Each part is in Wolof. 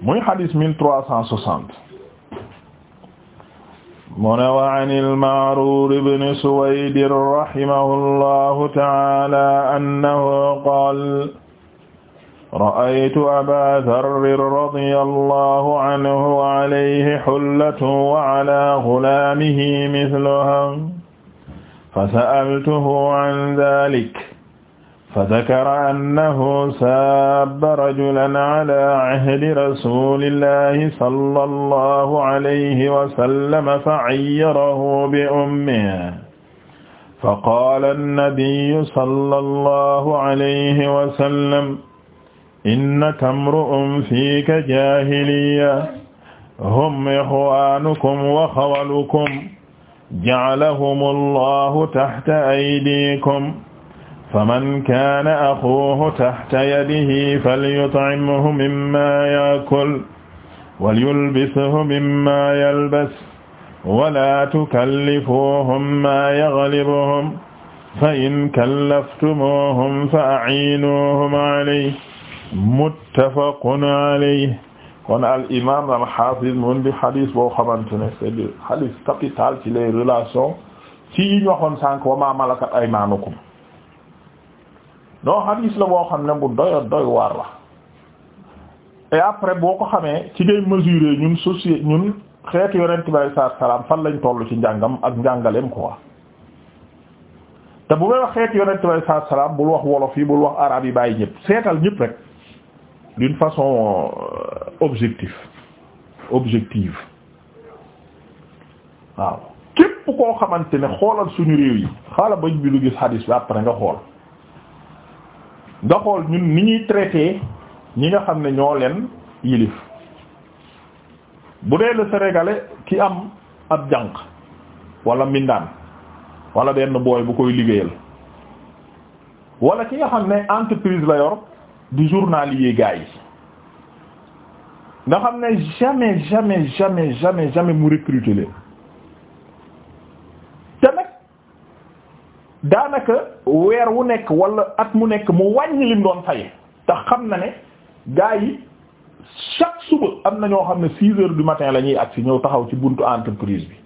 muy xadis mille trois cent soixante mu ne wa an al-Ma'rur ibn Suwayd rahimahullahu ta'ala annahu qaala ra'aytu Abaa Dharr radiyallahu anhu wa alayhi hullatun wa ala ghulaamihi mithluhaa fasa'altuhu an dhaalik فذكر أنه ساب رجلا على عهد رسول الله صلى الله عليه وسلم فعيره بأمه فقال النبي صلى الله عليه وسلم إنك امرؤ فيك جاهلية هم إخوانكم وخولكم جعلهم الله تحت أيديكم faman kaana axuuhu taxta yadihi falyut'imhu mimmaa yaakul walyulbishu mimmaa yalbas walaa tukallifuuhum maa yaglibuhum fa in kallaftumuuhum fa a'iinuuhum alayhi muttafaqun alayhi kon al imaam al haafiz mu di xadis boo xamante ne c'est du xadis capital ci les relations ci yi ñu waxoon sànq wa maa malakat aymaanukum non xadiis la boo xam ne bu doy doy waar la et après boo ko xamee ci ngay mesurer ñun société ñun xeetu yonent bi alayhi salaatu salaam fan lañ toll ci njàngam ak njàngaleem quoi te bu may wax xeetu yonent bi alayhi salaatu salaam bul wax wolof yi bul wax arabe yi bàyyi ñëpp seetal ñëpp rek d'une façon euh, objectif objective waaw képp koo xamante ne xoolal suñu réew yi xaala bañ bi lu gis xadiis bi après nga xool. nga xool ñun ni ñuy traité ñi nga xam ne ñoo leen yilif bu dee la sénégalais ki am ab jànq wala mbindaan wala benn booy bu koy liggéeyal wala ki nga xam ne entreprise la yor di journalier gars yi nga xam ne jamais jamais jamais jamais jamais mu recruter leen daanaka weer wu nekk wala at mu nekk mu wàññi lim doon faye te xam na ne gaa yi chaque suba am na ñoo xam ne six heure du matin la ñuy agsi ñëw taxaw ci buntu entreprise bi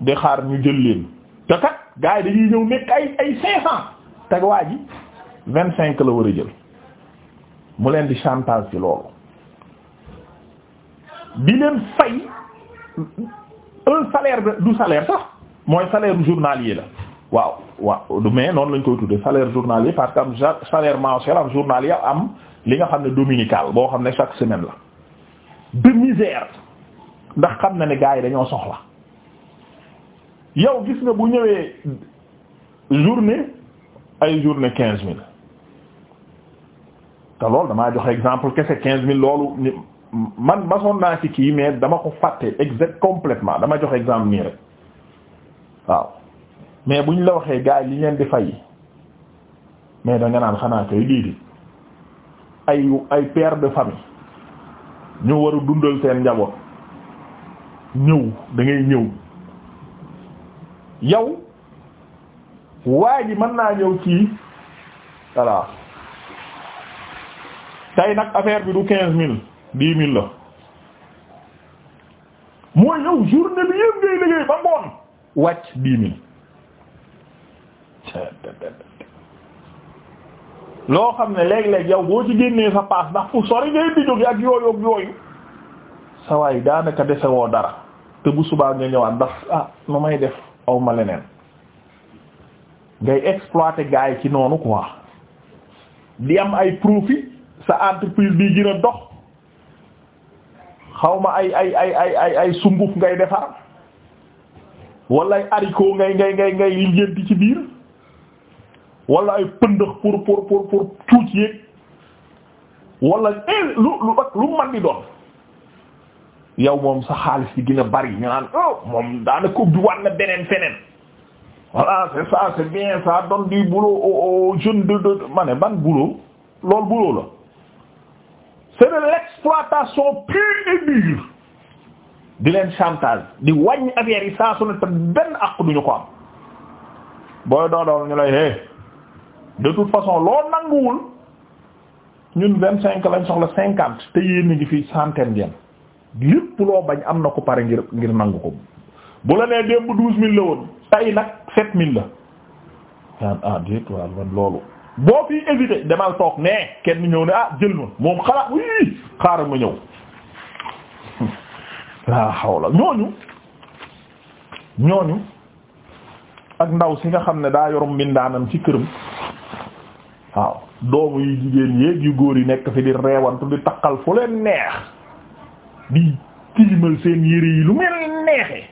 di xaar ñu jël leen te kat gaa yi dañuy ñëw nekk ay ay cinq cent teg waa vingt cinq la war a jël mu leen di chantage ci loolu bi leen fay un salaire du salaire sax mooy salaire journalier la waaw waaw du mais noonu lañ koy tudde salaire journalier parce que am salaire mensuel am journalier am li nga xam ne dominical boo xam ne chaque semaine la de misère ndax xam na ne gars yi dañoo soxla yow gis nga bu ñëwee journée ay journée quinze mille te loolu damaa joxe exemple kese quinze mille loolu man masoon naa ci kii mais dama ko fàtte exact complètement dama joxe exemple nii rek waaw mais bu ñu la waxee gars yi li leen di fay mais danga naan xanaa kay déedéet ay ay père de famille ñu war a dundal seen njaboot ñëw da ñëw yow waa ji mën naa ñëw ci voilà tey nag affaire bi du quinze mil dix mille la mooy yow journée bi yëpp ngay liggéey ba ngoon wàcc dix mille loo xam ne léeg-léeg yow boo ci génnee sa paas ndax fu sori ngay di jóge ak yooyu ak yooyu sawaay waay daanaka dese woo dara te bu subaa nga ñëwaat ndax ah nu may def aw ma leneen ngay exploiter gars yi ci noonu ko quoi di am ay profit sa entreprise bi gën a dox xawma ay ay ay ay ay ay sunguf ngay defar wala ay ngay ngay ngay ngay liggéenti ci biir wala ay pëndëx pour pour pour pour cuuc yéeg wala eh, lu man di doon yow moom sa xaalis bi gën a bari ñu naan oh moom daanaka ubbiwaat na beneen feneen voilà c'est ça c'est bien ça donne du boulot aux jeunes de de ma ne ban boulot loolu boulot la c'est de l'exploitation pure et dure di leen chantage di wàññi affaire yi saa su ne te benn àq duñu ko am booy doodool ñu lay é de toute façon loo nanguwul ñun vingt cinq lañ soxla cinquante te yéen ngi fi centaine ngeen lépp loo bañ am na ko pare ngir nangu ko bu la nee démb douze mille la woon tay nag sept mille la aan ah loolu boo fii éviter demal toog nee kenn ñëw ne ah jël ma moom xalaat wii xaaral ma ñëw laa xawla ñooñu ñooñu ak ndaw si nga xam ne daa yorum mbindaanam ci këram waaw doomu yu jigéen yéeg yu góor yi nekk fi di reewantu di takkal fu leen neex di tilimal seen yére yi lu mel neexee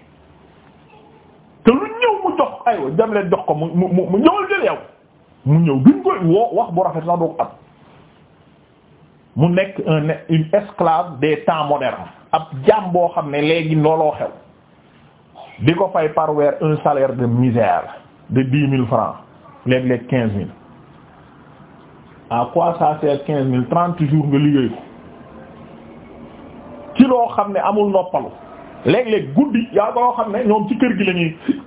te lu ñëw mu jox aywa jam leen jox ko mu mu ñëwal jël yow mu ñëw duñ woo wax bu rafet sax doo ko am mu nekk un une esclave temps modernes ab jaam boo xam ne léegi looloo xew di ko fay par weer un salaire de misère de dix mille francs léeg-léeg quinze mille à quoi ça sert quinze mille trente jours nga liggéey ko ci loo xam ne amul noppalu léeg-léeg guddi yaa ko loo xam ne ñoom ci kër gi lañuy ñuy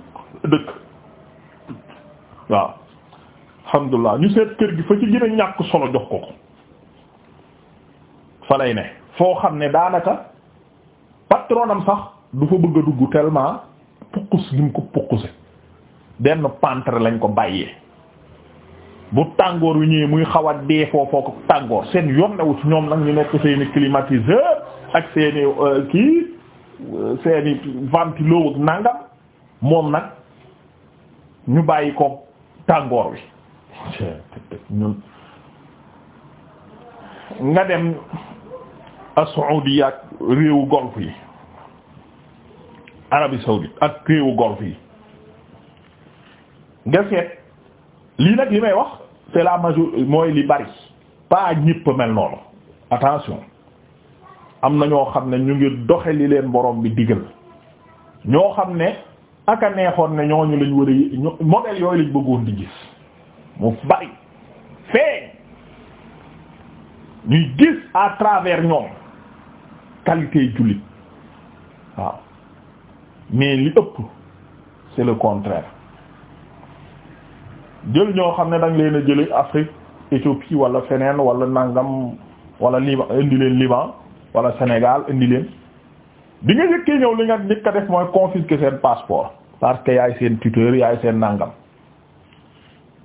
dëkk waaw alhamdulilah ñu seet kër gi fa ci gën ñàkk solo jox ko ko fa lay ne foo xam ne daanaka patronam sax du fa bëgg a dugg tellement pukkus gi mu ko pukkuse benn pantre lañ ko bàyyee bu tàngoor wi ñëwee muy xaw a dee tàngoor seen yoon newu ci ñoom nag ñu nekk seeni climatiseur ak seeni euh, kii euh, seeni ventilo ak nangam moom nag ñu bàyyi ko tàngoor wi nga dem as-Saoudia ak réewu golf yi Arabie saoudite ak réewu golf yi nga lii nag yi may wax c'est la major mooy li bari pas ñépp mel noonu attention am na ñoo xam ne ñu ngi doxe li leen borom bi digal ñoo xam ne aka neexoon ne ñooñu lañ war a modèle yooyu lañ bëggoon di gis mu bari feeñ ñuy gis à travers ñoom qualité yu jullit waaw mais li ëpp c'est le contraire jël ñoo xam ne da leen a jële Afrique Éthiopie walla feneen wala nangam wala Liban indi leen Liban wala Sénégal indi leen bi nga njëkkee ñëw li nga njëkk a def mooy confisquer seen passeport parce que yaay seen tuteur yaay seen nangam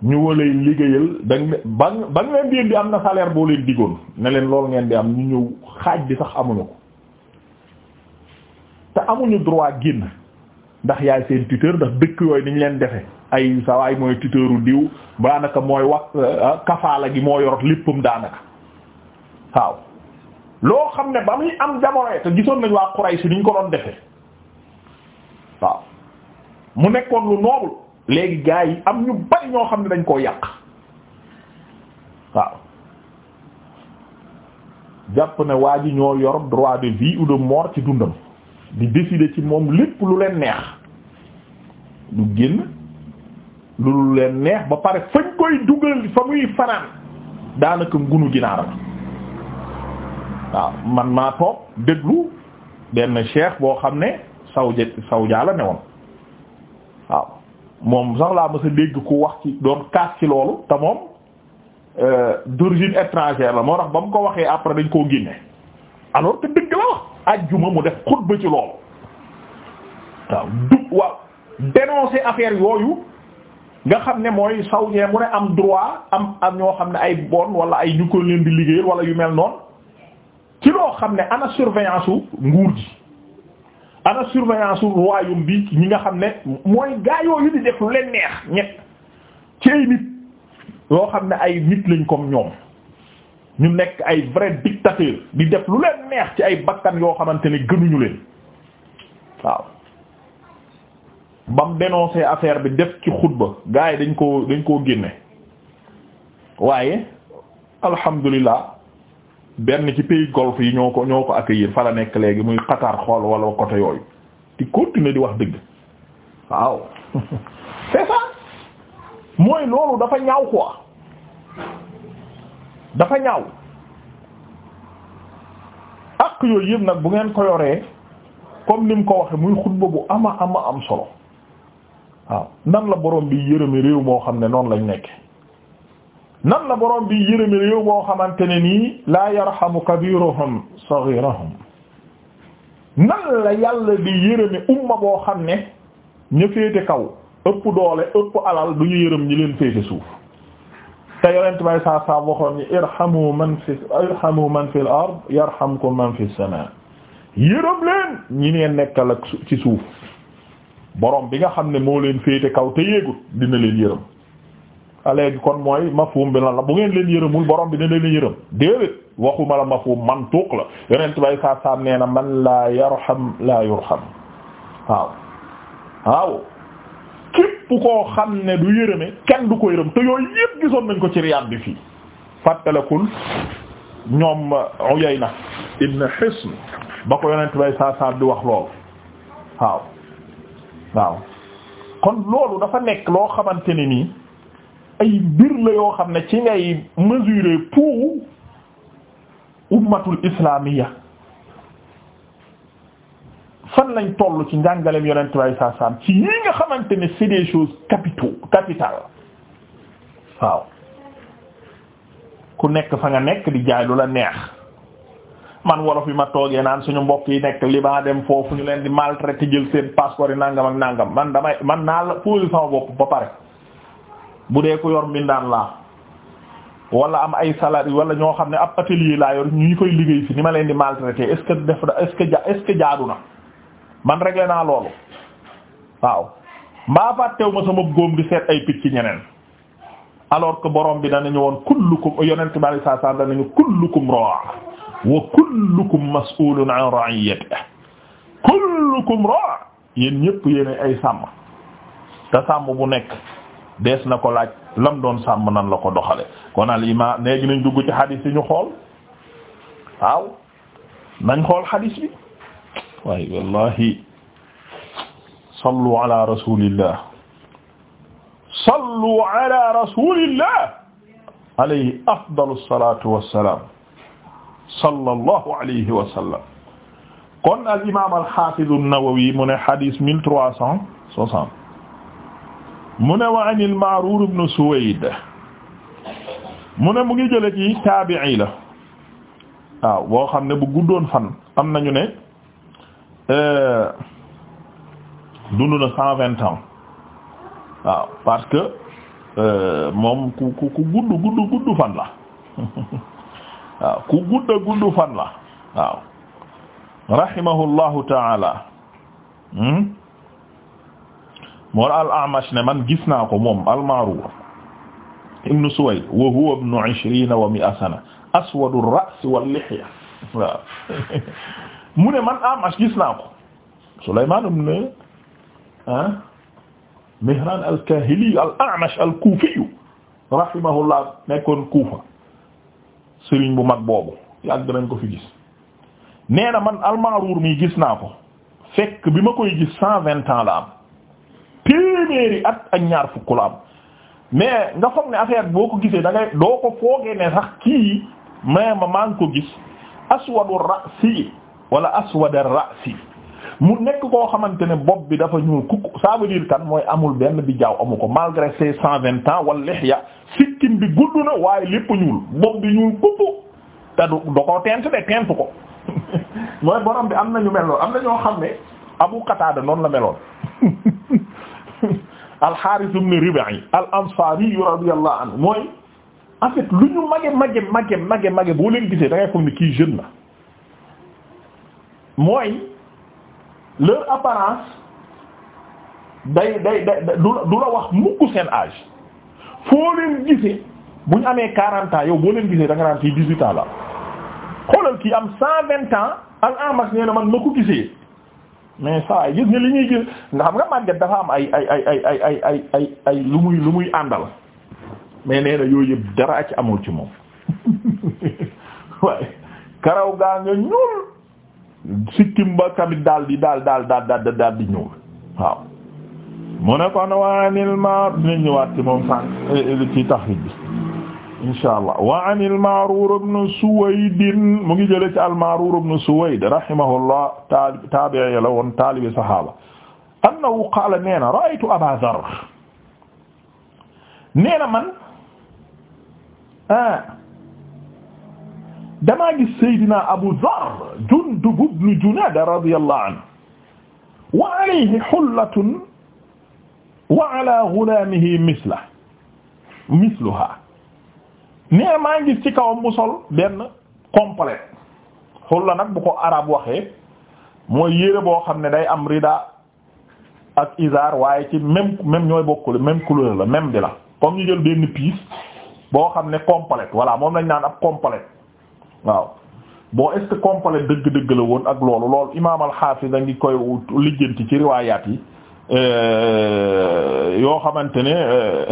ñu walay liggéeyal danga ba ba nga leen di am na salaire boo leen diggoon ne leen lool ngeen di am ñu ñëw xaaj bi sax amuñu ko te amuñu droit génn ndax yaay seen tuteur ndax dëkk yooyu niñ leen defe ay waay mooy tuteuru diw daanaka mooy wax euh, ah, kafaala gi moo yorot léppam daanaka waaw loo xam ne ba muy am jamono te gisoon nañ waa Quraysh niñ ko doon defe waaw mu nekkoon lu noble léegi gaa yi am ñu bari ñoo xam ne dañ koo yàq waaw jàpp ne waa ji ñoo yor droit de vie ou de ci dundam di décider ci moom lépp lu leen neex du génn lu lu leen neex ba pare fañ koy dugal fa muy fanaan daanaka ngunu ginaara la waaw man maa toog déglu benn cheikh boo xam ne sawja sawja la ne woon waaw moom sax laa mës a dégg ku wax ci doon kaas ci loolu te moom euh, d'origine étrangère la moo tax ba mu ko waxee après dañ koo génne alors que dëgg la wax ajjuma mu def xutba ci loolu waaw du waaw dénoncer affaire yooyu nga xam ne mooy saw ñee mu ne am droit am am ñoo xam ne ay bon wala ay ñu ko leen di liggéeyal wala yu mel noonu ci loo xam ne ana surveillance u nguur gi ana surveillance wu royaume bi ñi nga xam ne mooy gaa yooyu di def lu leen neex ñett ci ay nit yoo xam ne ay nit lañ comme ñoom ñu nekk ay vrai dictateur di def lu leen neex ci ay bakkan yoo xamante ne gënuñu leen waaw bam dénoncé affaire bi def ci xutba gaa yi dañ koo dañ koo génne waaye alhamdulilah benn ci pays golfe yi ñoo ko ñoo ko accueillir fa la nekk léegi muy Qatar xool wala côté yooyu di continuer di wax dëgg waaw c'est mooy loolu dafa ñaaw quoi dafa ñaaw ak yooyu yëpp nag bu ngeen ko yoree comme ni mu ko waxe muy xutba bu ama ama am solo waaw nan la boroom bi yërëmi réew moo xam ne noonu lañ nekk nan la borom bi yërëmi réew moo xamante ne nii laa yarhamu kabiruhum saghirahum nan la yàlla di yërëmi umma boo xam ne ña féete kaw ëpp doole ëpp alal du ñu yërëm ñi leen féete suuf te yonent bay saa saa waxoon irhamu man fi irhamu man fil ard yarhamkum man fis samaa yërëm leen ñi neen nekkal ak ci suuf borom bi nga xam ne moo leen féete kaw te yéegut dina leen yërëm ah, léegi kon mooy mafhum bi lan la bu ngeen leen yërëmul borom bi dina leen yërëm déedéet waxuma la mafhum mantuq la yonent bay saa saa nee na man la yarham laa yurham waaw waaw képp koo xam ne du yërëme kenn du ko yërëm te yooyu yëpp gisoon nañ ko ci Riyad bi fii fàttalakul ñoom Uyayna ibn Hisn ba ko yonent bay saa saa wax loolu waaw waaw kon loolu dafa nekk loo xamante ne nii ay mbir la yoo xam ne ci ngay mesurer pour ummatul islamiya fan lañ toll ci njàngaleem yonent bi saa saam ci yi nga xamante ne c'est des choses capitaux waaw ku nekk fa nga nekk di jaay la neex man wolof yi ma toogee naan suñu mbokk yi nekk Liban dem foofu ñu leen di maltraiter jël seen passeport yi nangam ak nangam man damay man naa la posé sama bopp ba pare bu dee ko yor mbindaan laa wala am ay salari wala ñoo xam ne ab atelier laa yor ñu fay liggéey fi ni ma leen di maltraiter est def est est-ce na. man réglé naa loolu waaw mbaa fàttew ma sama góom di seet ay picc ñeneen alors que borom bi danañu woon kullukum yonent bi sallallahu alayhi wa sallam danañu kullukum ra'a wa kullukum mas'ulun 'an ra'iyatihi kullukum ra'a yéen ñëpp yéen ay sàmm te sàmm bu nekk dees na ko laaj lam doon sàmm nan la ko doxale kon al imaam léegi nañ dugg ci xadiis yi ñu xool waaw nañ xool xadiis bi waaye wallahi sallu ala rasulillah sallu ala rasulillah alayhi afdalu salatu wassalam sallallahu alayhi wa sallam kon al imam al hafiz an-Nawawi mu ne hadith mille trois cent soixante mu ne wa an al-Ma'rur ibn Suwayd mu ne mu ngi jële ci taabi'i la waaw ah, boo xam ne bu guddoon fan am nañu ne Euh, dund na cent vingt ans waaw parce que euh, moom ku ku ku gudd gudd gudd fan la waaw ku gudd gudd fan la waaw rahimahullahu taala hmm? moor al A'mash ne man gis naa ko moom al Ma'rur ibn Suwayd wa huwa ibn ishrina wa mi'a sana aswadu ar-ra's wal lihya waaw mu ne man Amash ah gis naa ko Sulaymaan ibn ah, Mihraan al-Kaahili al rahimahullah nekkoon Kuufa sëriñ bu mag boobu yàgg nañ ko fi gis nee na man al-Ma'ruur mi gis naa ko fekk bi ma koy gis cent vingt ans la am téeméeri at ak ñaar fukk la am mais nga foog ne affaire boo ko gisee da ngay doo ko foogee ne sax kii mais ma maa ngi ko gis aswadu ra'si wala aswad ar-ra'si mu nekk koo xamante ne bopp bi dafa ñuul kukk ça veut dire kan mooy amul benn bi jaaw amu ko malgré ses cent vingt ans wala lihya sikkim bi gudd na waaye lépp ñuul bopp bi ñuul kukk te du da koo tent de tent ko mooy borom bi am na ñu mel noonu am na ñoo xam ne Abu Qatada noonu la meloon al-Harith ibn Rib'i al-Ansari radiyallahu anhu mooy en fait lu ñu mage mage mage mage mage boo leen gisee da ngay foog ne kii jeune na mooy leur apparence day day day du la wax mukk seen âge foo leen gisee bu ñu amee quarante ans yow boo leen gisee da nga naan fii la xoolal kii am cent vingt ans al amas nee na man ma ko gisee mais saa gis nga li ñuy gis nga xam nga màgget dafa am ay ay ay ay ay ay ay ay ay lu muy lu muy àndal mais nee na yooyu yëpp dara a ci amul ci moom karaw gaa nga ñuul sikkim ba tamit daal di daal daal daal daal daal di ñëw waaw mu ne kon wa anil ma'ruf dinañ ñëwaat ci moom sànq eh, eh, ci taxrij bi insha allah wa anil Ma'rur ibn Suwayd mu ngi jëlee ci al Ma'rur ibn Suwayd rahimahullah taabi'i la woon taalibi sahaaba annahu qaala nee na ra'aytu Aba Dharr nee na man ah damaa gis Seydina Abu Dharr Jundub ibn Junaada radiyallahu anhu wa alayhi hullatun wa ala ghulaamihi misla misluha nee maa ngi gis ci kawam bu sol benn complet xulla nag bu ko arab waxee mooy yére boo xam ne day am rida ak izar waaye ci même même ñooy bokkule même couleur la même bi la comme ñu jël benn piis boo xam ne complet voilà moom lañ naan ab complet waaw bon est-ce dëgg-dëgg la woon ak loolu loolu imaamal al-Hafiz a ngi koy lijjanti ci riwaayaat yi euh, yoo xamante ne euh,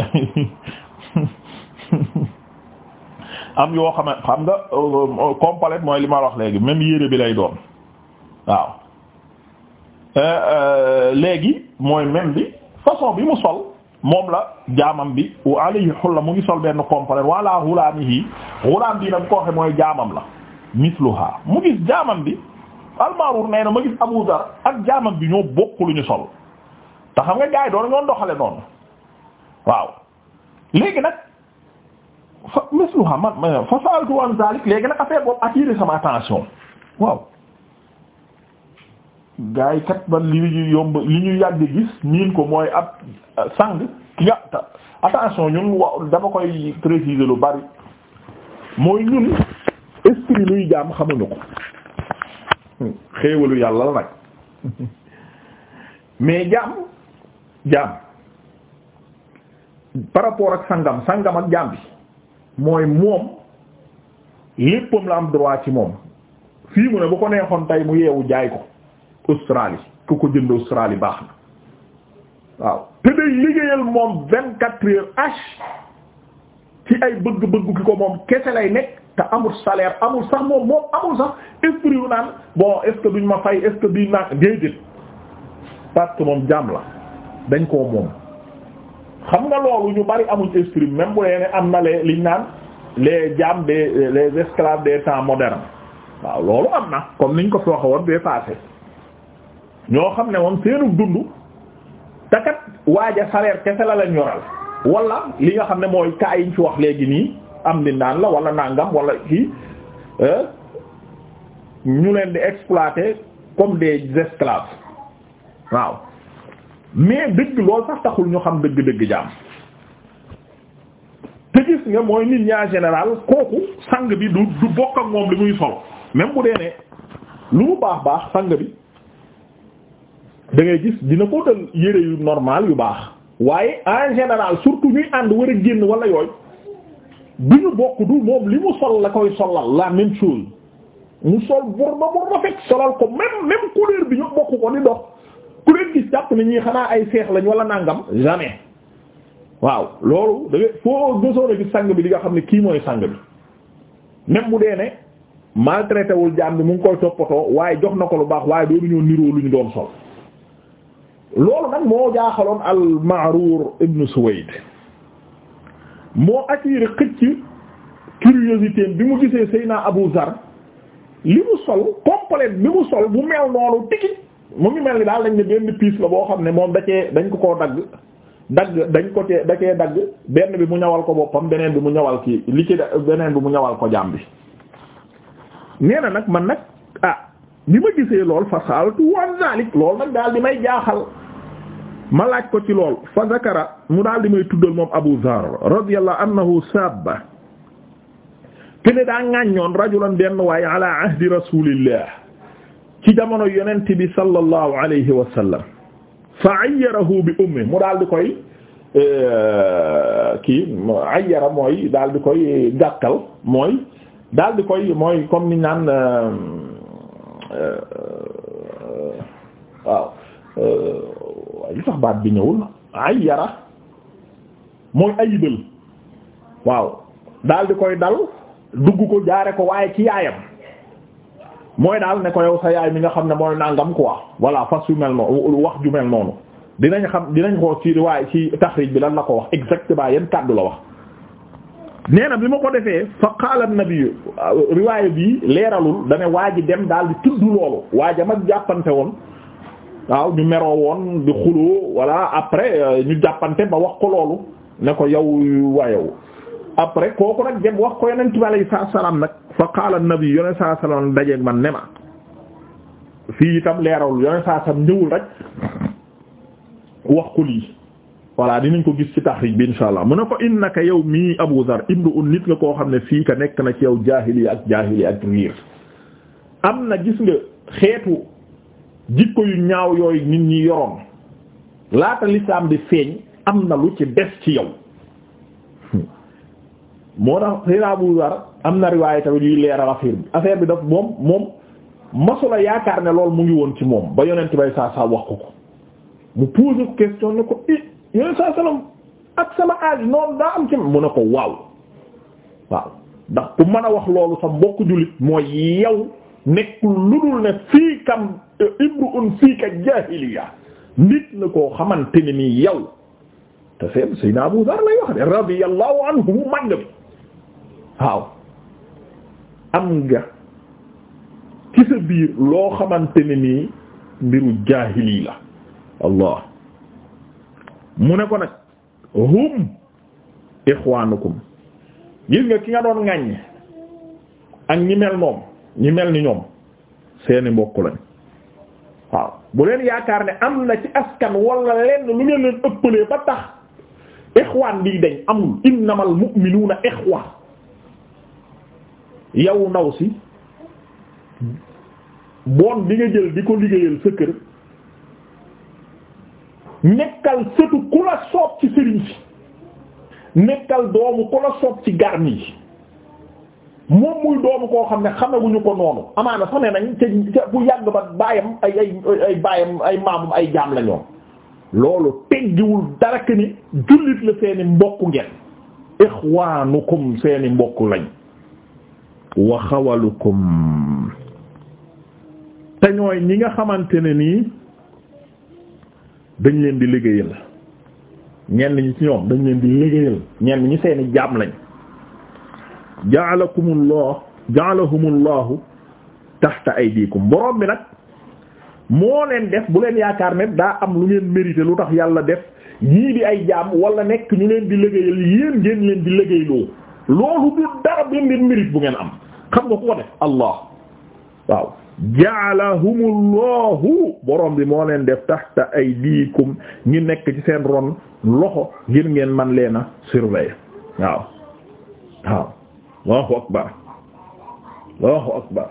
am yoo xama xam nga euh, complet mooy li ma wax léegi même yére bi lay doon waaw léegi mooy même bi façon bi mu sol moom la jaamam bi wa alayhi xulla mu ngi sol benn complet wala xulaamihi xulaam bi nag koo xam mooy jaamam la misluha mu gis jaamam bi almarur nee na ma gis Abu Dar ak jaamam bi ñoo bokk lu ñu sol te xam nga gars yi doon ñoon doxale noonu waaw léegi nag fa misluha man fa saaltu an zalik léegi nag affaire boobu attiré sama attention waaw gaay kat man li yomb li ñu yàgg gis miin ko mooy ab euh, sang ki nga attention ñun wa dama koy préciser lu bari mooy ñun esprit luy jaam xamuñu ko hmm. xéewalu yàlla la nag mais jaam jaam par rapport ak sangam sangam ak jaam bi mooy moom léppam la am droit ci moom fii mu ne bu ko neexoon tey mu yeewu jaay ko Australie ku ko jënd Australie baax na waaw te day liggéeyal moom vingt quatre heures h ci ay bëgg-bëgg ki ko moom kese lay nekk te amul salaire amul sax moom moom amul sax esprit yu naan bon est-ce que duñ ma fay est-ce que duñ naan déedéet parce que moom jaam la dañ koo moom xam nga loolu ñu bari amuñ esprit même bu ne am na liñ naan les jaam des les esclaves de temps modernes waaw loolu am na comme niñ ko fi waxee woon bee passé ñoo xam ne woon seenu dund takat waaja salaire kese la leen yoral walla li nga xam ne mooy kaa yiñ fi wax léegi nii am di naan la wala nangam wala kii euh, ñu leen di exploiter comme des esclaves waaw mais dëgg loolu sax taxul ñu xam dëgg-dëgg jaam te gis nga mooy nit ñaa général kooku sang bi du du bokk ak moom li muy solo même bu dee ne lu mu baax baax sang bi da gis dina ko dal yére yu normal yu baax waaye en général surtout ñuy ànd war a génn wala yooyu bi ñu bokk du moom li mu sol la koy solal la même chose mu sol bor ba bor ba solal ko même même couleur bi ñu bokk ko di ku xanaa ay seex lañ wala nàngam waaw loolu da ngay foo gësoon a bi di nga xam ne kii mooy sang bi bu dee ne maltraité wul jaam bi mu ngi koy toppatoo waaye jox na ko lu baax waaye doonuñoo niroo lu ñu doon sol. loolu nag moo jaaxaloon al Ma'rur ibn Suwayd moo attiré xëcc curiosité bi mu gisee Seyna Abu Zar li mu sol complet bi mu sol bu mel noonu tigi mu ngi mel ni daal dañ ne benn piis la boo xam ne moom da dañ ko koo dagg dagg dañ ko cee dagg benn bi mu ñawal ko boppam beneen bi mu ñawal ki li ci beneen bi mu ñawal ko jaam bi nee na nag man nag ah bi ma gisee lool fa xaaltu wan zalik loolu nag daal di may jaaxal ma laaj ko ci lool fa zakara mu daal di may tuddal moom Abu Zar radiyallahu anhu sabba kene daa ŋàññoon rajulan benn waaye ala ahdi rasulillah ci jamono yonent bi sallallahu alayhi wa sallam fa ayyarahu bi ummi mu daal di koy e, kii ayyara mooy daal di koy gàkkal mooy daal di koy mooy comme ni waaye li baat bi ñëwul ay yara mooy ayibal waaw daal di koy dal dugg ko jaare ko waaye ci yaayam mooy daal ne ko yow sa yaay mi nga xam ne mooy nangam quoi voilà fas yu mel noonu wax ju mel noonu dinañ xam dinañ ko ci waaye ci taxrij bi lan la ko wax exactement yan kàddu la wax nee na bi ma ko defee fa qaala an-nabi riwaaya bi leeralul dane waa ji dem daal di tudd loolu waaja mag jàppante woon waaw ñu meroo woon di xuloo voilà après euh, ñu jàppante ba wax ko loolu ne ko yow wayow après kooku nag dem wax ko yonent bi alayhi salaam nag fa qaala an-nabi yonent saa salaam dajeeg man ne ma fii itam leerawul yonent saa salaam ñëwul rek wax ko lii voilà dinañ ko gis ci taxriij bi insha allah mu ne ko innaka yow mii Abu Zar imru'un nit nga koo xam ne fii ka nekk na ci yow jaahili ak jaahili ak riir am na gis nga xeetu. jikko yu ñaaw yooyu nit ñi yoroon laata lislaam di feeñ am na lu ci des ci yow moo tax seen Abu Dar am na riwaay tamit yuy leeral affaire bi affaire bi daf moom moom masula yaakaar ne lool mu ngi woon ci moom ba yonent bay saa saa wax ko ko mu pose question ne ko i eh, yonent saa salaam ak sama âge noonu daa am ci mu ne ko waaw waaw ndax ku mën a wax loolu sa mbokk jullit mooy yow nekkul lu dul ne fii kam e, ibruun fii ka jaahiliya nit la koo xamante ni nii yow te seen Seydina Abu Dar lay wax de anhu mu màgg bi waaw am nga ci sa biir loo xamante ni mbiru jaahili la allah mu ne ko nag hum ixwaanukum gis nga ki nga doon ŋàññ ak ñi mel moom ñi mel ni ñoom seeni mbokk lañ waaw bu leen yaakaar ne am na ci askan wala lenn lu ngeen leen ëppalee ba tax ixwaan bi dañ amul innamal mu'minuuna ixwa yow ndaw si bon bi nga jël di ko liggéeyal sa kër nekkal sëtu ku la soob ci sëriñ nekkal doomu ku la soob ci garmi yi moom muy doomu koo xam ne xamaguñu ko noonu amaana sax ne nañ ca bu yàgg ba baayam ay ay ay baayam ay maamum ay jaam la loolu teggiwul dara que ni jullit la seeni mbokk ngeen ixwaanukum seeni mbokk lañ wa kom te ñooy ñi nga xamante ne nii dañ leen di liggéeyal ñenn lañu ci ñoom dañ leen di liggéeyal ñeen ñi seeni jaam lañ ja'alakumullahu ja'alahumullahu tahta aydikum boroom bi nag moo leen def bu leen yaakaar ne daa am lu ngeen mérité lu tax yàlla def yii di ay jaam wala nekk ñu leen di liggéeyal yéen ngeen di liggéeyloo loolu du dara benn mérite bu ngeen am xam nga ku ko def allah waaw ja'alahumullahu boroom bi moo leen def tahta aydikum ñi nekk ci seen ron loxo ngir ngeen man leen a surveiller waaw waaw Allahu akbar Allahu akbar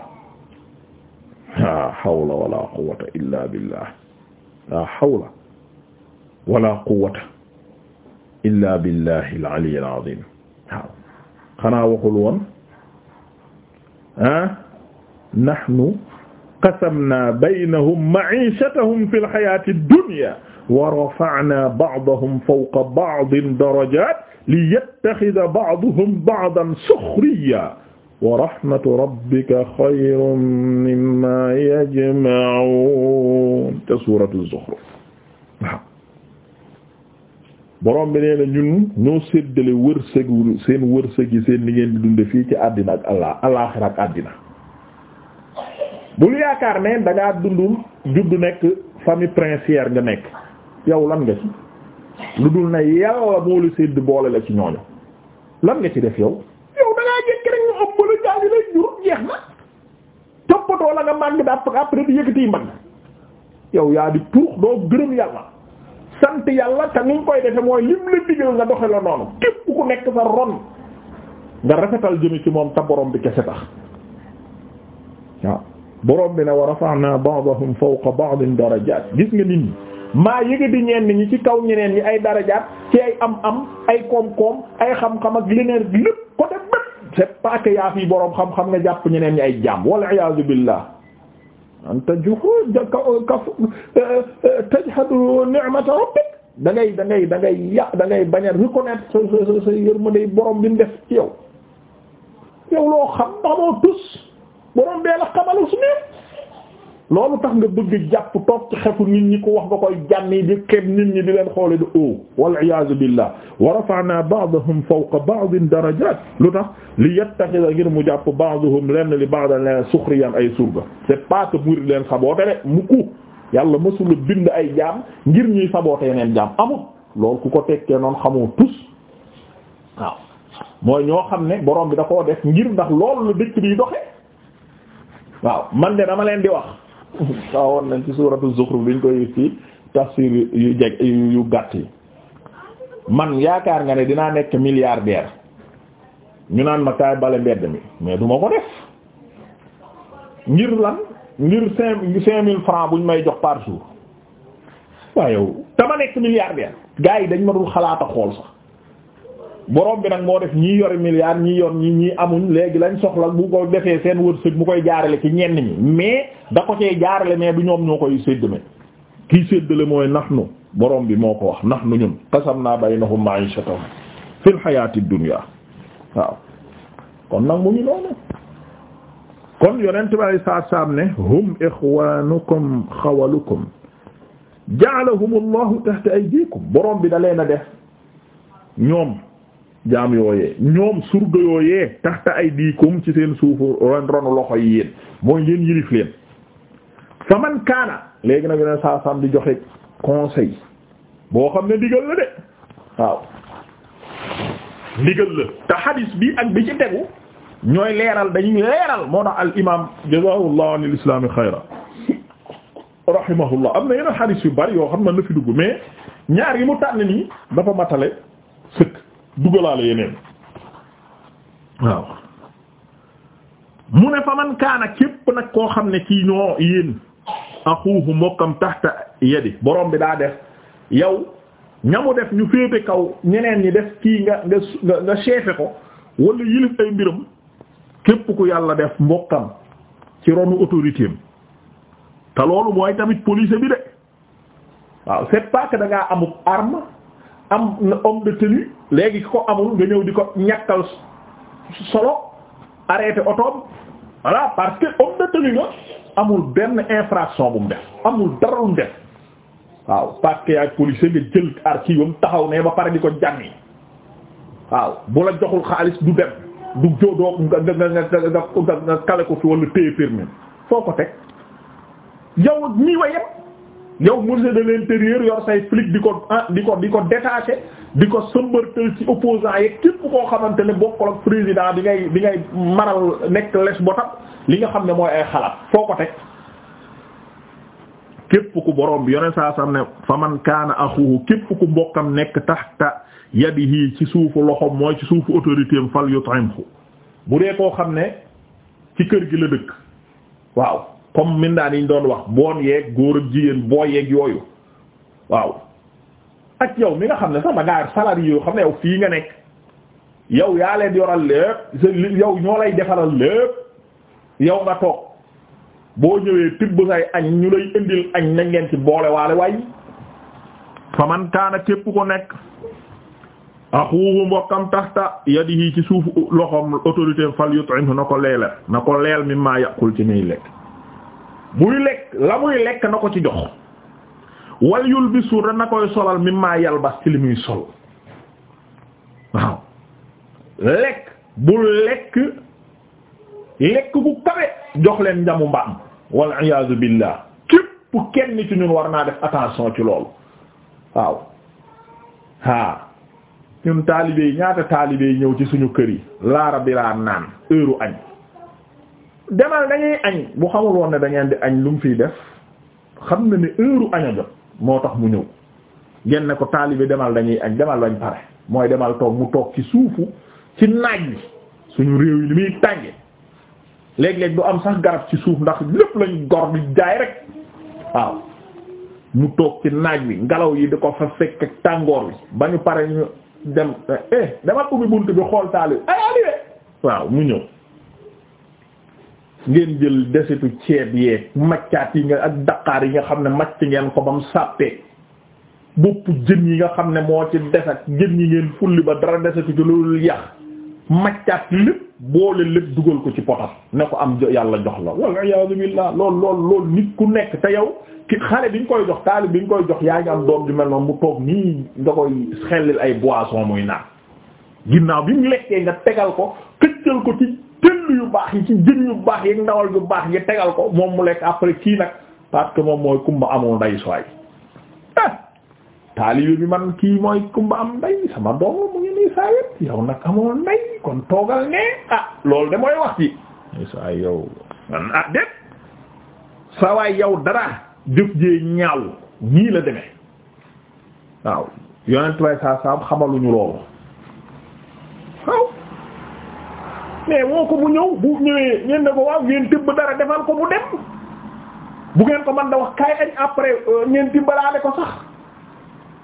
la hawla wala quwwata illa billah la hawla wala quwwata illa billahi al-ali al-azim waaw xanaa waxul woon ah nahnu qasamna baynahum ma'ishatahum fil hayati ad-dunya wa rafa'na ba'dahum fawqa ba'din darajat li yattaxida ba'duhum ba'dan suxriya wa rahmatu rabbika xayrun mimmaa yajma'uun te suuratu Zuxruf waaw borom bi nee na ñun ñoo séddale wërsëg seen wërsëg yi seen li ngeen dunde fii ci àddina ak allah ak àddina bul yaakaar ne dangaa dundul juddu nekk famille princière nga nekk yow lan nga ci lu dul na yàlla moo la boole la ci ñooñu lan nga ci def yow yow da ngaa jékki rek ñu ëpp la jaay la na toppatoo la nga màgg dàpp après yow yaa di tuux doo gërëm yàlla sant yàlla te ni nga koy defe mooy lim la digal nga doxe la noonu képp ku nekk sa ron nga rafetal jëme ci moom ta borom bi kese tax waaw borom bi ne wa rafa'na ba'dahum fawqa ba'din darajat gis nga nit ñi maa di ñenn ñi ci kaw ñeneen ñi ay darajaat ci ay am-am ay koom-koom ay xam-xam ak leneen lépp côté bépp c'est pas que yaa fi boroom xam-xam nga jàpp ñeneen ñi ay jaam wal iyaazu billah anta juhud ka eh, eh, tajhadu ni'mata rabbik da ngay da ngay da da ngay bañ a reconnaître sa sa boroom bi mu def ci yow yow loo xam xamoo tus boroom bee la xamalu su ne loolu tax nga bëgg jàpp toog ci xefu nit ñi ko wax ba koy jànni di xeeb nit ñi di leen xoole di o wal iyaazu billah wa rafa'na ba'dahum fawqa ba'din darajat lu tax li yattakhidha ngir mu jàpp baax ba'dahum lenn li baax ba'dan leen sukhriyan ay surga c'est pas que muri leen saboote de mukku yàlla mësula bind ay jaam ngir ñuy saboote yeneen jaam amul loolu ku ko tekkee noonu xamoo tus waaw mooy ñoo xam ne boroom bi da koo def ngir ndax lool la dëkk waaw man de dama leen di wax tawoon nañ ci suuratu Zukhruf biñ koy gis ci yu jeg yu gàtt yi man yaakaar nga ne dinaa nekk milliardaire ñu naan ma kaay bale mbedd mi mais duma ko def ngir lan ngir cinq cinq mille francs buñ may jox par jour waaye yow dama nekk milliardaire gars yi dañ ma dul xalaata xool sax borom bi nag moo def ñii yori milliards ñii yor ñii ñii amuñ léegi lañ soxla bu ko defee seen wërsëg mu koy jaarale ci ñenn ñi mais da ko cee jaarale mais du ñoom ñoo koy séddale kii séddale mooy nax nu boroom bi moo ko wax nax nu ñun qasam naa baynahum ma'ishatahum fil hayati dunya waaw kon nag mu ngi noonu kon yonent bay saa saam ne hum ixwanukum xawalukum ja'alahum allahu tahta aydikum borom bi da leen a def ñoom jaam yooyee ñoom surga yooyee taxta ay diikum ci seen suufu ron ronu loxo yi yéen mooy yéen yilif leen fa man kaana léegi nag yeneen saa saam di joxe conseil boo xam ne ndigal la de waaw ndigal la te hadis bi ak bi ci tegu ñooy leeral dañuy leeral moo tax al imam jazaahullahu anil islami xayra rahimahullah am na yeneen hadis yu bari yoo xam na la dugg mais ñaar yi mu tànn nii dafa matale sëkk dugalaale yeneen waaw mu ne fa man kaana képp nag koo xam ne ci ñoo yéen axuuhu mbokkam taxta yadi borom bi daa def yow ñamu def ñu féete kaw ñeneen ñi def kii nga nga nga seefe ko wala yilif ay mbiram képp ku yàlla def mbokkam ci ronu autorité am te loolu mooy tamit police bi de waaw c'est pas que da ngaa am homme de tenue léegi ko amul nga ñëw di ko ñàkkal solo arrêté otoom voilà de tenue nga amul benn infraction bu mu def amul dara lu def waaw parce que ak nga jël archive taxaw ne ba pare di ko jànni waaw bu la joxul xaalis du dem du joodoo nga nga nga nga nga kale ko fi wala téye firme foo ko teg yow nii wa yépp yow ministre de l'intérieur yor say flic di ko ah, di ko di ko détaché di ko sëmbartal ci opposants yeeg képp koo xamante ne bokkul ak président bi ngay bi ngay maral nekk les botam li nga xam ne mooy ay xalaat foo ko teg képp ku borom bi yone saa sam ne fa man kaana axuhu képp ku mbokkam nekk tahta yadihi ci suufu loxom mooy ci suufu autorité am fal yut'imhu bu dee koo xam ne ci kër gi la dëkk waaw comme mindaan yi ñu doon wax boon yeeg góor ak jigéen boo yeeg yooyu waaw ak yow mi nga xam ne sax da ngaa salarié yoo xam ne yow fii nga nekk yow yaa leen yoral lépp yow ñoo lay defaral lépp yow nga toog boo ñëwee tibb say añ ñu lay indil añ nañ leen ci boole waale way fa man kaana képp ko nekk axuuhu mbokkam taxta yadihi ci suuf loxom autorité fal yut'imhu na ko leelal na ko leel mimma yàqul ci muy lekk muy lekk la muy lekk na ko ci jox wal yulbisu na koy solal mimma yalbas ci li muy sol waaw lekk bu lekk lekk gu kawe jox leen njamu mbaam wal iyaazu billah képp kenn ci ñun war naa def attention ci loolu waaw haa ñun taalibe ñaata taalibe ñëw ci suñu kër yi laara bi laa naan heure añ demal da ngay añ bu xamul woon ne dangeen di añ lu mu fiy def xam na ni heure añ jot moo tax mu ñëw ngeen ne ko taalibe demal dañuy añ demal bañ pare mooy demal toog mu toog ci suufu ci naaj wi suñu réew yi li muy tànge léeg-léeg du am sax garab ci suuf ndax lépp lañu gor di jaay rek waaw mu toog ci naaj wi ngelaw yi di ko fa fekk ak tàngoor wi ba ñu pare ñu dem eh dama ubbi bunt bi xool taalibe eh, waaw mu ñëw ngeen jël desitu ceeb yeeg maccaat yi nga ak daqaar yi nga xam ne macc ngeen ko bam sàppee bopp jën yi nga xam ne moo ci des ak jën yi ngeen fulli ba dara desetu ci loolu yax maccaat lépp boole lépp dugal ko ci potas ne ko am yàlla jox la wal iyaadu billah lool lool lool nit ku nekk te yow ki xale bi ñu koy jox taalib bi ñu koy jox yaa ngi am doom ju mel noonu mu toog nii nga koy xellil ay boisson muy naan ginnaaw bi mu lekkee nga tegal ko këccal ko ci yu baax yi ci jën yu baax yi ndawal yu baax yi tegal ko moom mu lekk après kii nag parce moom mooy kumba amoo nday sooy ah, taalibe bi man kii mooy kumba am nday sama doom mu ngi nii saa yëpp yow nag amoo nday kon toogal ne ah loolu de mooy wax ci saa yow man ah déet saa waay yow dara jëf jee ñaaw nii la demee waaw yonent way saa saam xamaluñu loolu mais woo ko ñëw bu ñëwee ngeen ne ko waaw ngeen tibb dara defal ko mu dem bu ngeen ko man da wax kaay añ après euh, ngeen tibbalaale ko sax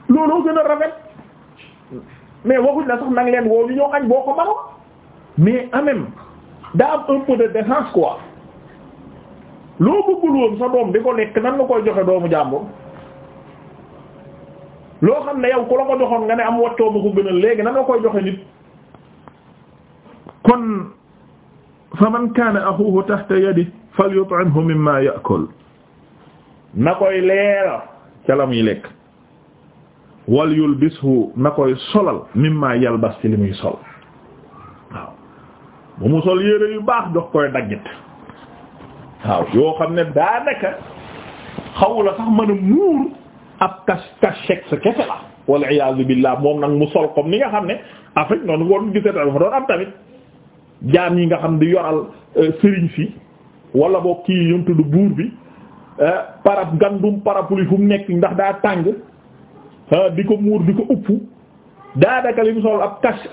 looloo gën a rafet mais waxuñ la sax nang leen woo ñu ñëw añ boo ko manoon mais en daa am un peu de décence quoi loo bëggul woon sa doom di ko lekk nan nga koy joxe doomu jàmbur loo xam ne yow ku la ko joxoon nga ne am wattoo ma ko gënal léegi nan nga koy joxe nit kon fa man kaana axuhu taxta yadihi falyut'imhu mimma ya'kul na koy leeral ca la muy lekk wal yulbishu na koy solal mimma yalbas ci li muy sol waaw bu mu sol yére yu baax jox koy daggit waaw yoo xam ne daanaka xaw la sax mën a muur ab kas kas chek sa kese la wal iyaazu billaah moom nag mu sol comme ni nga xam ne Afrique noonu woon gisee dafa doon am tamit jaam yi nga xam di yoral euh, sëriñ si wala boog kii yi ñu buur bi euh, parab gandum parapluie fu mu nekk ndax daa tàng euh, di ko muur di ko upp daanaka li mu sol ab cache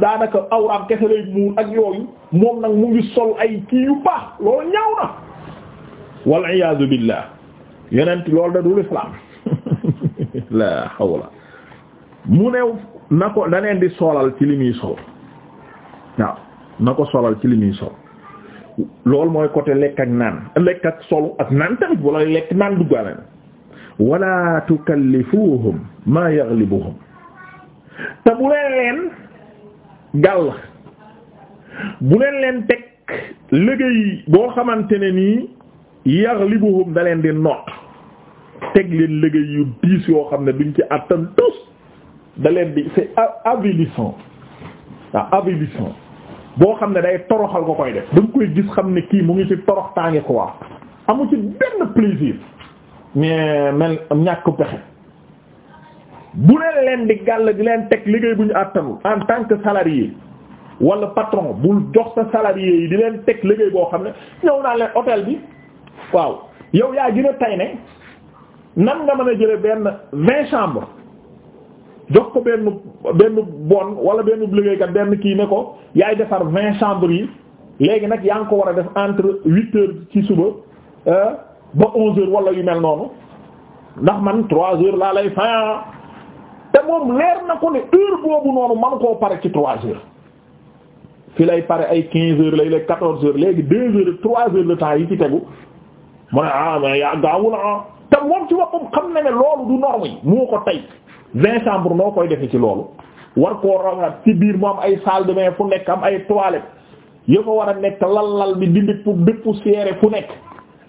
daanaka awraam kese lay muur ak yooyu moom nag mu ngi sol ay kii yu baax loolu ñaaw na. wal iyaazu billah yonent loolu da dul islam la hawla mu new na ko na leen di solal ci li muy sol waaw. na ko solal ci li muy sol loolu mooy côté lekk ak naan lekk ak solu ak naan tamit wala lekk naan duggaale na wala tukallifuhum ma yaghlibuhum te bu leen leen gàll bu leen leen teg liggéey boo xamante ne nii yaghlibuhum da leen di noot teg leen liggéey yu diis yoo xam ne duñ ci attan tous da leen di c'est avilissant waaw ah, avilissant boo xam ne day toroxal ko koy def da nga koy gis xam ne kii mu ngi ci torox ko quoi amu ci benn plaisir mais mel ñàkk pexe bu leen leen di gàll di leen teg liggéey bu ñu àttanul en tant que salarié wala patron bul jox sa salarié yi di leen teg liggéey boo xam ne ñëw naa leen hôtel bi waaw yow yaa gën a tay ne nan nga mën a jële benn vingt chambres jox ko benn benn bon wala benn ka benn kii ne ko yaay defar vingt chambres yi léegi nag yaa ngi ko war a def entre huit heures ci suba euh, ba onze heures wala yu mel noonu ndax man trois heures laa lay fin te moom leer na ko ne heure boobu noonu man koo pare ci trois heures fi lay pare ay quinze heures lay lay quatorze heures léegi deux heures trois heures de temps yi ci tegu mu ne ah mais yaa gaawul ah te moom ci boppam xam na ne loolu du vingt chambre noo koy defe ci loolu war koo rawaat ci biir mu am ay salle de bain fu nekk am ay toilette yo fa war a nekk lal-lal bi dindi pour dépoussiérer fu nekk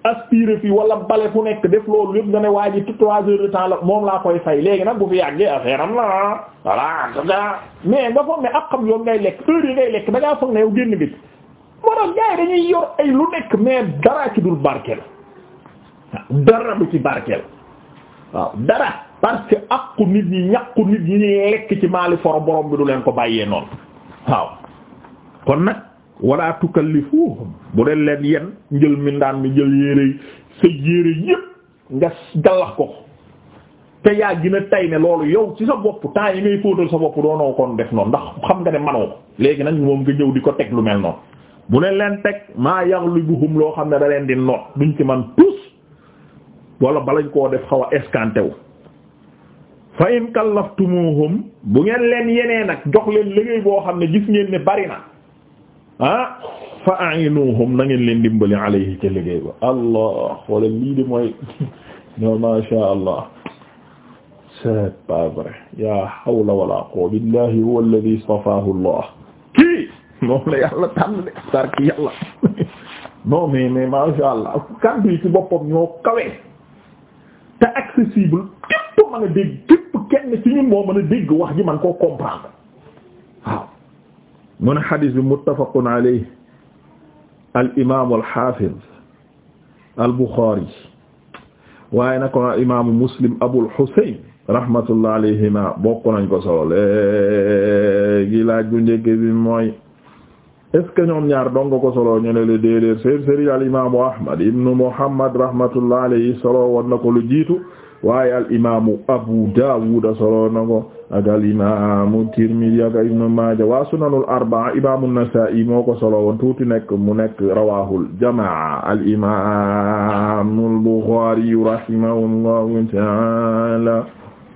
aspirer fii wala bale fu nekk def loolu yëpp nga ne waa ji trois heures de temps la moom laa koy fay léegi nag bu fi yàggee affaire am la voilà mais nga foog ne ak xam yoon ngay lekk heure yi ngay lekk da ngaa foog ne yow génn nga ci moo tax dañuy yor ay lu nekk mais dara ci dul barkeel dara du ci parce que àqu nit ñi ñàqu nit ñi lekk ci maali foro borom bi du leen ko bàyyee noonu waaw kon nag wala tukallifuhum bu dee leen yen njël mindaan mi jël yére sa yére yépp nga gallax ko te yaa gën a tay ne loolu yow ci sa bopp temps yi ngay fóotal sa bopp doonoo kon def noonu ndax xam nga ne manoo ko léegi nag moom nga ñëw di ko teg lu mel noonu bu leen leen teg maa yaghlibuhum loo xam ne da leen di noot duñ ci man tous wala balañ koo def xaw a escanté wu fa in kallaftumuhum bu ngeen leen yeneen ak jox leen liggéey boo xam ne gis ngeen ne bari na ah fa a'inuhum leen dimbali alayhi ca liggéey ba allah wala lii de mooy non ma sha allah c'est pas ya hawla wala quwwata billahi huwa alladhi istafahu allah kii moom la ma sha allah kàddu ci boppam ñoo kawe te accessible képp mën a dégg képp kenn ci ñun moo mën a dégg wax ji man koo comprendre waaw mu ne xadis bi muttafaqun alayhi al waaye nag ko muslim abul xuseyn rahmatullah alayhima bokk ko solo ñaar dong ko solo ñu le déedéet sër sëri al ahmad ibnu muhammad rahmatullah alayhi solo woon ko lu jiitu waaye al imaamu Abu Dawud solo na ko ak al imaamu Tirmidhi ak Ibn Maaja waa sunanul arbaa imaamu Nasaa'i moo ko solo woon tuuti nekk mu nekk rawaahul jamaa al imaamul Buxaari rahimahullahu ta'ala